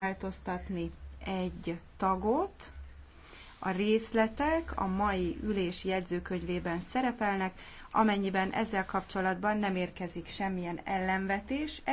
változtatni egy tagot. A részletek a mai ülés jegyzőkönyvében szerepelnek, amennyiben ezzel kapcsolatban nem érkezik semmilyen ellenvetés.